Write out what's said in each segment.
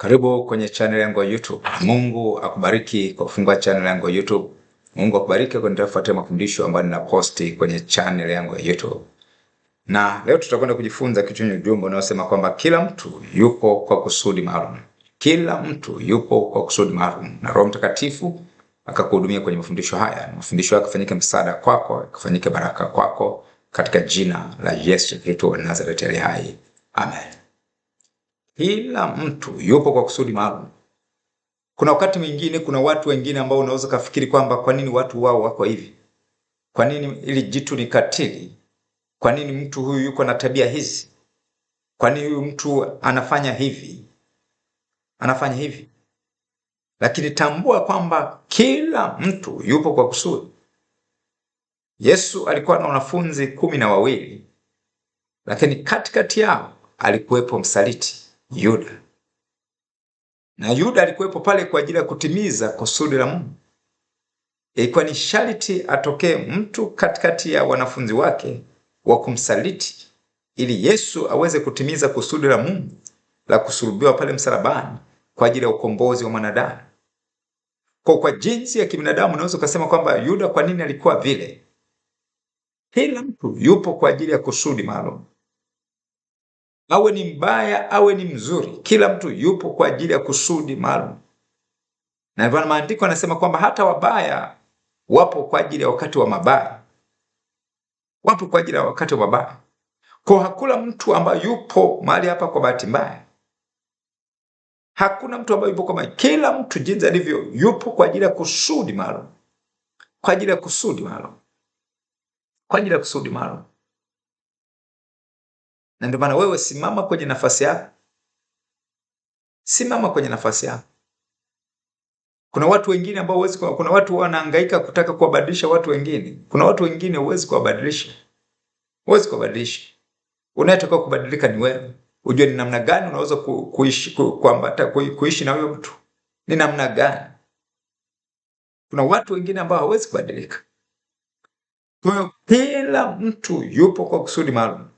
Karibu kwenye channel yangu ya YouTube. Mungu akubariki kwa kufungua channel yangu ya YouTube. Mungu akubariki kwa kuendelea kufuatia mafundisho ambayo ninaposti kwenye channel yangu ya YouTube. Na leo tutakwenda kujifunza kitu chenye ujumbe unaosema kwamba kila mtu yupo kwa kusudi maalum. Kila mtu yupo kwa kusudi maalum. Na Roho Mtakatifu akakuhudumia kwenye mafundisho haya. Mafundisho haya yakafanyike msaada kwako, yakafanyike baraka kwako katika jina la Yesu Kristo wa Nazareti aliye hai. Amen. Kila mtu yupo kwa kusudi maalum. Kuna wakati mwingine, kuna watu wengine ambao unaweza kafikiri kwamba kwa nini watu wao wako hivi, kwa nini ili jitu ni katili, kwa nini mtu huyu yuko na tabia hizi, kwa nini huyu mtu anafanya hivi, anafanya hivi. Lakini tambua kwamba kila mtu yupo kwa kusudi. Yesu alikuwa na wanafunzi kumi na wawili, lakini katikati yao alikuwepo msaliti. Yuda, na Yuda alikuwepo pale kwa ajili ya kutimiza kusudi la Mungu. Ilikuwa ni sharti atokee mtu katikati ya wanafunzi wake wa kumsaliti ili Yesu aweze kutimiza kusudi la Mungu la kusulubiwa pale msalabani kwa ajili ya ukombozi wa mwanadamu. Kwa kwa jinsi ya kibinadamu unaweza ukasema kwamba Yuda kwa nini alikuwa vile? Kila mtu yupo kwa ajili ya kusudi maalum awe ni mbaya awe ni mzuri, kila mtu yupo kwa ajili ya kusudi maalum. Na hivyo maandiko anasema kwamba hata wabaya wapo kwa ajili ya wakati wa mabaya, wapo kwa ajili ya wakati wa mabaya. Kwa hakuna mtu ambaye yupo mahali hapa kwa bahati mbaya, hakuna mtu ambaye yupo kwa mahali. Kila mtu jinsi alivyo yupo kwa ajili ya kusudi maalum, kwa ajili ya kusudi maalum, kwa ajili ya kusudi maalum. Na ndio maana wewe simama kwenye nafasi yako, simama kwenye nafasi yako. Kuna watu wengine ambao huwezi, kuna watu wanahangaika kutaka kuwabadilisha watu wengine. Kuna watu wengine huwezi kuwabadilisha, huwezi kuwabadilisha. Unayetakiwa kubadilika ni wewe, ujue ni namna gani unaweza ku, kuishi, ku, kuambata, ku, kuishi na huyo mtu ni namna gani. Kuna watu wengine ambao hawezi kubadilika. Kwa hiyo kila mtu yupo kwa kusudi maalum.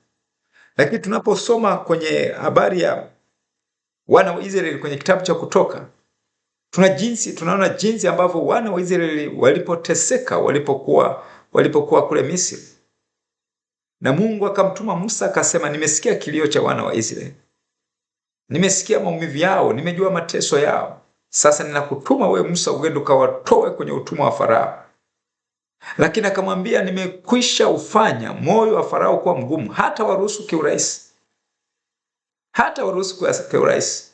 Lakini tunaposoma kwenye habari ya wana wa Israeli kwenye kitabu cha Kutoka, tuna jinsi tunaona jinsi ambavyo wana wa Israeli walipoteseka walipokuwa walipokuwa kule Misri, na Mungu akamtuma Musa akasema, nimesikia kilio cha wana wa Israeli, nimesikia maumivu yao, nimejua mateso yao. Sasa ninakutuma wewe Musa uende ukawatoe kwenye utumwa wa Farao lakini akamwambia, nimekwisha ufanya moyo wa Farao kuwa mgumu, hata waruhusu kiurahisi, hata waruhusu kiurahisi,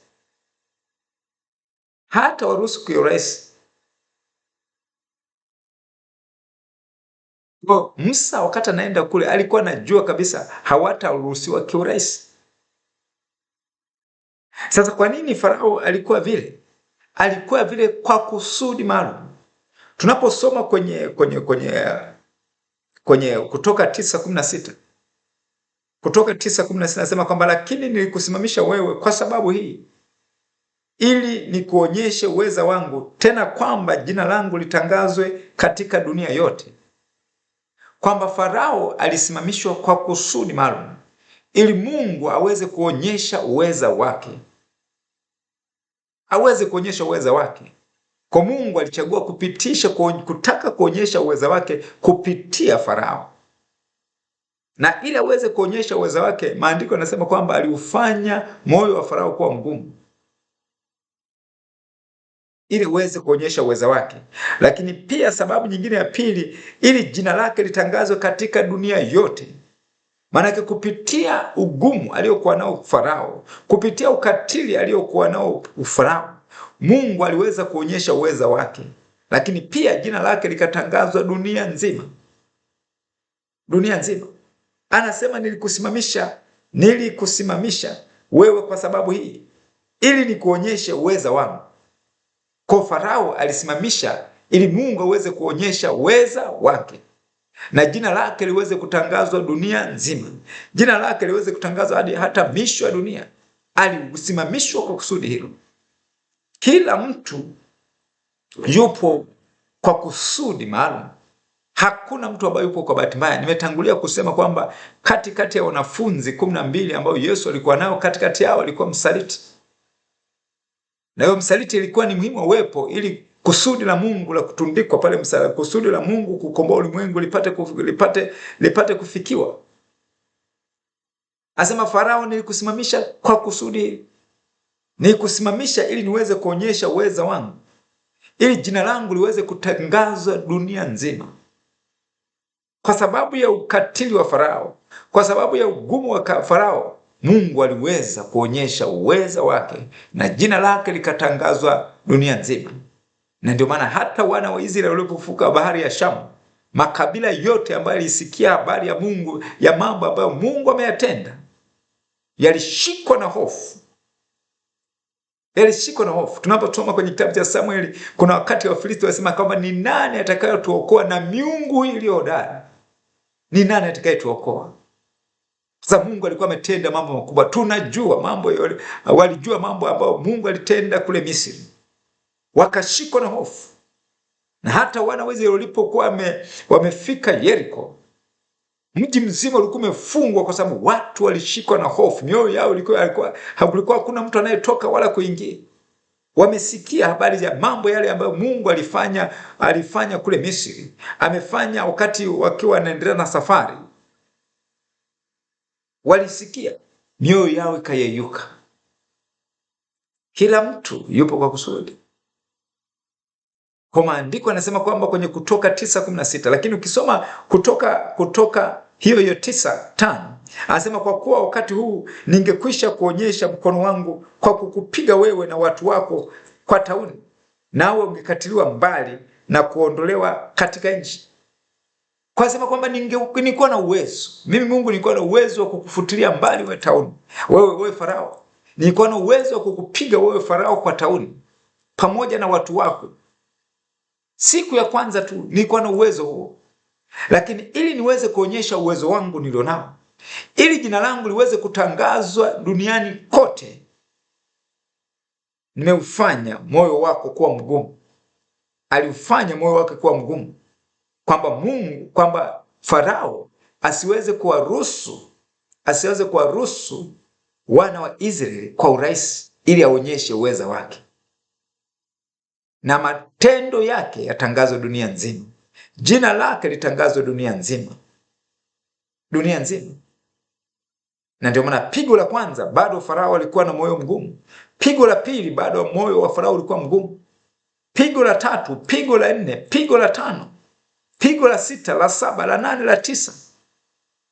hata waruhusu kiurahisi. Musa wakati anaenda kule alikuwa anajua kabisa hawataruhusiwa kiurahisi. Sasa kwa nini Farao alikuwa vile? Alikuwa vile kwa kusudi maalum. Tunaposoma kwenye kwenye kwenye kwenye Kutoka tisa kumi na sita Kutoka tisa kumi na sita nasema kwamba lakini nilikusimamisha wewe kwa sababu hii, ili nikuonyeshe uweza wangu, tena kwamba jina langu litangazwe katika dunia yote, kwamba Farao alisimamishwa kwa kusudi maalum ili Mungu aweze kuonyesha uweza wake, aweze kuonyesha uweza wake. Kwa Mungu alichagua kupitisha kutaka kuonyesha uweza wake kupitia Farao, na ili aweze kuonyesha uweza wake, maandiko yanasema kwamba aliufanya moyo wa Farao kuwa mgumu ili uweze kuonyesha uweza wake. Lakini pia sababu nyingine ya pili, ili jina lake litangazwe katika dunia yote. Maanake kupitia ugumu aliyokuwa nao Farao, kupitia ukatili aliyokuwa nao Farao, Mungu aliweza kuonyesha uweza wake, lakini pia jina lake likatangazwa dunia nzima, dunia nzima. Anasema nilikusimamisha, nilikusimamisha wewe kwa sababu hii, ili nikuonyeshe uweza wangu. Kwa Farao alisimamisha ili Mungu aweze kuonyesha uweza wake na jina lake liweze kutangazwa dunia nzima, jina lake liweze kutangazwa hadi hata misho ya dunia. Alisimamishwa kwa kusudi hilo. Kila mtu yupo kwa kusudi maalum. Hakuna mtu ambaye yupo kwa bahati mbaya. Nimetangulia kusema kwamba katikati ya wanafunzi kumi na mbili ambao Yesu alikuwa nao, katikati yao alikuwa msaliti, na hiyo msaliti ilikuwa ni muhimu awepo ili kusudi la Mungu la kutundikwa pale msalaba, kusudi la Mungu kukomboa ulimwengu lipate, lipate, lipate kufikiwa. Asema Farao, nilikusimamisha kwa kusudi hili. Nikusimamisha ili niweze kuonyesha uweza wangu, ili jina langu liweze kutangazwa dunia nzima. Kwa sababu ya ukatili wa Farao, kwa sababu ya ugumu wa Farao, Mungu aliweza kuonyesha uweza wake na jina lake likatangazwa dunia nzima. Na ndio maana hata wana wa Israeli walipofuka bahari ya Shamu, makabila yote ambayo yalisikia habari ya Mungu, ya mambo ambayo Mungu ameyatenda, yalishikwa na hofu yalishikwa na hofu. Tunaposoma kwenye kitabu cha Samueli, kuna wakati Filisti wasema kwamba ni nani atakayetuokoa na miungu hii iliyo hodari? Ni nani atakayetuokoa? Sasa Mungu alikuwa ametenda mambo makubwa, tunajua mambo yale, walijua mambo ambayo Mungu alitenda kule Misri, wakashikwa na hofu, na hata wana wa Israeli walipokuwa wamefika Yeriko Mji mzima ulikuwa umefungwa kwa sababu watu walishikwa na hofu, mioyo yao ilikuwa, hakulikuwa hakuna mtu anayetoka wala kuingia. Wamesikia habari za mambo yale ambayo Mungu alifanya alifanya kule Misri, amefanya wakati wakiwa wanaendelea na safari. Walisikia, mioyo yao ikayeyuka. Kila mtu yupo kwa kusudi kwa maandiko anasema kwamba kwenye Kutoka 9:16, lakini ukisoma Kutoka Kutoka hiyo hiyo tisa tano anasema kwa kuwa wakati huu ningekwisha kuonyesha mkono wangu kwa kukupiga wewe na watu wako kwa tauni, nawe ungekatiliwa mbali na kuondolewa katika nchi. Kwa sema kwamba nilikuwa na uwezo mimi Mungu, nilikuwa na uwezo wa kukufutilia mbali wewe tauni, wewe, wewe Farao, nilikuwa na uwezo wa kukupiga wewe Farao kwa tauni pamoja na watu wako siku ya kwanza tu, nilikuwa na uwezo huo lakini ili niweze kuonyesha uwezo wangu nilionao, ili jina langu liweze kutangazwa duniani kote, nimeufanya moyo wako kuwa mgumu. Aliufanya moyo wake kuwa mgumu, kwamba Mungu, kwamba Farao asiweze kuwaruhusu, asiweze kuwaruhusu wana wa Israeli kwa urahisi, ili aonyeshe uweza wake na matendo yake yatangazwe dunia nzima jina lake litangazwe dunia nzima, dunia nzima. Na ndio maana pigo la kwanza bado Farao alikuwa na moyo mgumu, pigo la pili bado moyo wa Farao ulikuwa mgumu, pigo la tatu, pigo la nne, pigo la tano, pigo la sita, la saba, la nane, la tisa,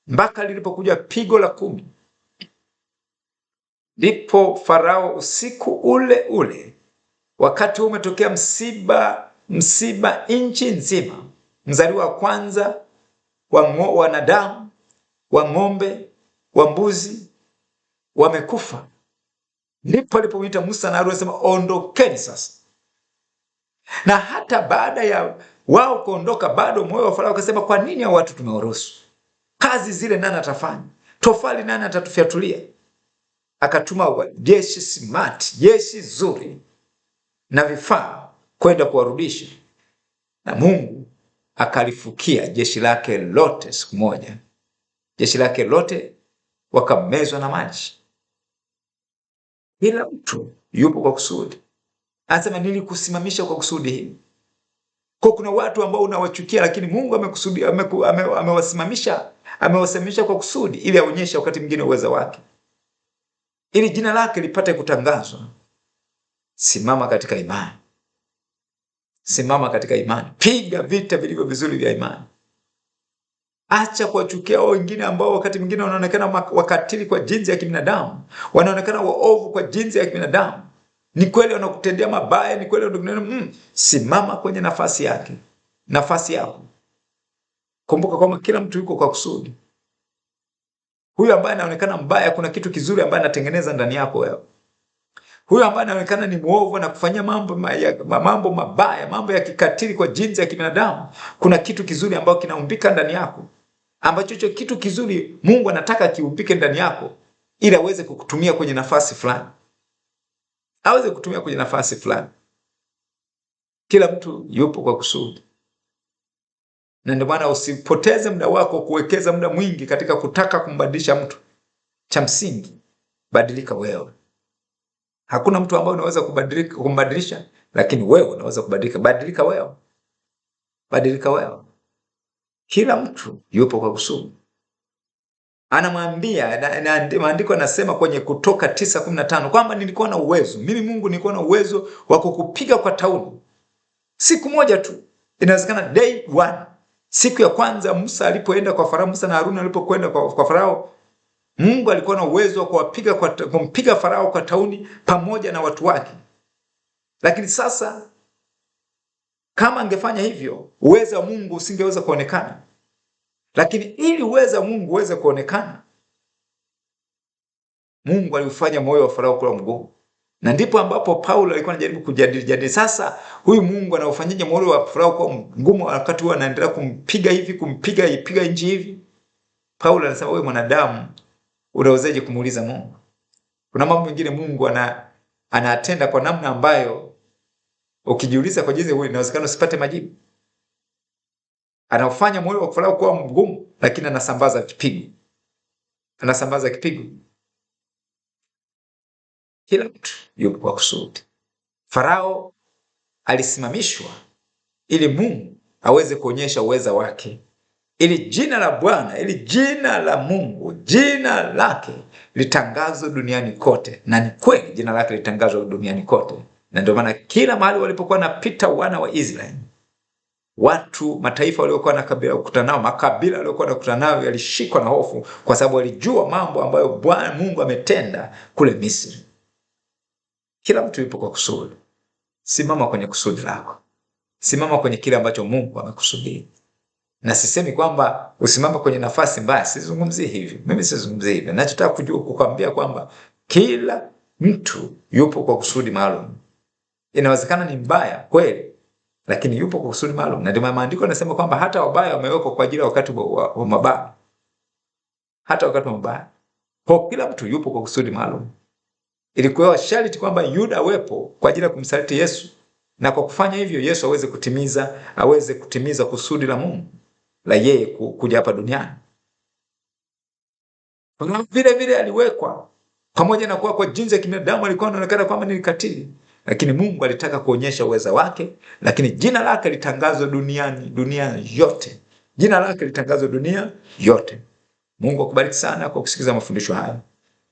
mpaka lilipokuja pigo la kumi, ndipo Farao usiku ule ule, wakati umetokea msiba, msiba nchi nzima mzaliwa wa kwanza wa wanadamu, wa ng'ombe, wa mbuzi wamekufa. Ndipo alipomwita Musa na Aroni asema, ondokeni sasa. Na hata baada ya wao kuondoka, bado moyo wa Farao akasema, kwa nini hao watu tumewaruhusu? Kazi zile nani atafanya? Tofali nani atatufyatulia? Akatuma jeshi smart, jeshi zuri na vifaa kwenda kuwarudisha, na Mungu akalifukia jeshi lake lote siku moja, jeshi lake lote wakamezwa na maji. Kila mtu yupo kwa kusudi, anasema nilikusimamisha kwa kusudi hili. Kwa kuna watu ambao unawachukia, lakini Mungu amekusudi, amewasimamisha, amewasimamisha kwa kusudi ili aonyeshe wakati mwingine uweza wake, ili jina lake lipate kutangazwa. Simama katika imani simama katika imani, piga vita vilivyo vizuri vya imani. Acha kuwachukia wao wengine ambao wakati mwingine wanaonekana wakatili kwa jinsi ya kibinadamu, wanaonekana waovu kwa jinsi ya kibinadamu. Ni kweli wanakutendea mabaya, ni kweli mm, simama kwenye nafasi yake, nafasi yako. Kumbuka kwamba kila mtu yuko kwa kusudi. Huyu ambaye anaonekana mbaya, kuna kitu kizuri ambaye anatengeneza ndani yako wewe huyo ambaye anaonekana ni mwovu na kufanyia mambo, mambo mabaya, mambo ya kikatili kwa jinsi ya kibinadamu, kuna kitu kizuri ambacho kinaumbika ndani yako, ambacho hicho kitu kizuri Mungu anataka kiumbike ndani yako ili aweze kukutumia kwenye nafasi fulani, aweze kutumia kwenye nafasi fulani. Kila mtu yupo kwa kusudi, na ndio maana usipoteze muda wako kuwekeza muda mwingi katika kutaka kumbadilisha mtu. Cha msingi, badilika wewe. Hakuna mtu ambaye unaweza kubadilika kumbadilisha, lakini wewe unaweza kubadilika. Badilika wewe, badilika wewe. Kila mtu yupo kwa kusudi, anamwambia na, na, na, maandiko anasema kwenye Kutoka 9:15 kwamba nilikuwa na uwezo mimi Mungu, nilikuwa na uwezo wa kukupiga kwa tauni siku moja tu, inawezekana day one. Siku ya kwanza Musa alipoenda kwa Farao, Musa na Haruni alipokwenda kwa, kwa Farao Mungu alikuwa na uwezo wa kuwapiga kwa kumpiga Farao kwa tauni pamoja na watu wake, lakini sasa kama angefanya hivyo, uwezo wa Mungu usingeweza kuonekana. Lakini ili uwezo wa Mungu uweze kuonekana, Mungu aliufanya moyo wa Farao kuwa mgumu, na ndipo ambapo Paulo alikuwa anajaribu kujadili jadili, sasa huyu Mungu anaufanyaje moyo wa Farao kuwa mgumu wakati huo anaendelea kumpiga hivi kumpiga ipiga nchi hivi? Paulo anasema wewe mwanadamu unawezaje kumuuliza Mungu? Kuna mambo mengine Mungu ana anatenda kwa namna ambayo ukijiuliza kwa jinsi huyu inawezekana usipate majibu. Anaufanya moyo wa kufalau kuwa mgumu, lakini anasambaza kipigo, anasambaza kipigo. Kila mtu yupo kwa kusudi. Farao alisimamishwa ili Mungu aweze kuonyesha uweza wake ili jina la Bwana, ili jina la Mungu, jina lake litangazwe duniani kote. Na ni kweli jina lake litangazwa duniani kote, na ndio maana kila mahali walipokuwa napita wana wa Israeli, watu mataifa waliokuwa kukutana nao, makabila waliokuwa nakutana nao yalishikwa na hofu, kwa sababu walijua mambo ambayo Bwana Mungu ametenda kule Misri. Kila mtu yupo kwa kusudi. Simama kwenye kusudi lako, simama kwenye kile ambacho Mungu amekusudia na sisemi kwamba usimama kwenye nafasi mbaya, sizungumzi hivi, mimi sizungumzi hivi. Nachotaka kujua kukwambia kwamba kila mtu yupo kwa kusudi maalum. Inawezekana ni mbaya kweli, lakini yupo kwa kusudi maalum, na ndio maandiko yanasema kwamba hata wabaya wamewekwa kwa ajili ya wakati wa, wa mabaya, hata wakati wa mabaya. Kwa kila mtu yupo kwa kusudi maalum. Ilikuwa sharti kwamba Yuda awepo kwa ajili ya kumsaliti Yesu, na kwa kufanya hivyo Yesu aweze kutimiza aweze kutimiza kusudi la Mungu la yeye kuja hapa duniani. Vile vile aliwekwa pamoja na kuwa kwa jinsi ya kibinadamu alikuwa anaonekana kwamba ni katili, lakini Mungu alitaka kuonyesha uweza wake, lakini jina lake litangazwe duniani, dunia yote, jina lake litangazwe dunia yote. Mungu akubariki sana kwa kusikiliza mafundisho haya.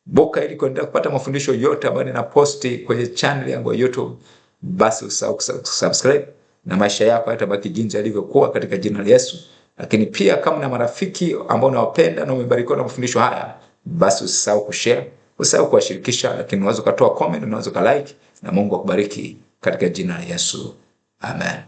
Boka ili kuendelea kupata mafundisho yote ambayo ninaposti kwenye channel yangu ya YouTube, basi usahau kusubscribe na maisha yako yatabaki jinsi yalivyokuwa katika jina la Yesu. Lakini pia kama na marafiki ambao unawapenda na umebarikiwa na mafundisho haya, basi usisahau kushare, usisahau kuwashirikisha, lakini unaweza ukatoa comment, unaweza ukalike, na Mungu akubariki katika jina la Yesu, amen.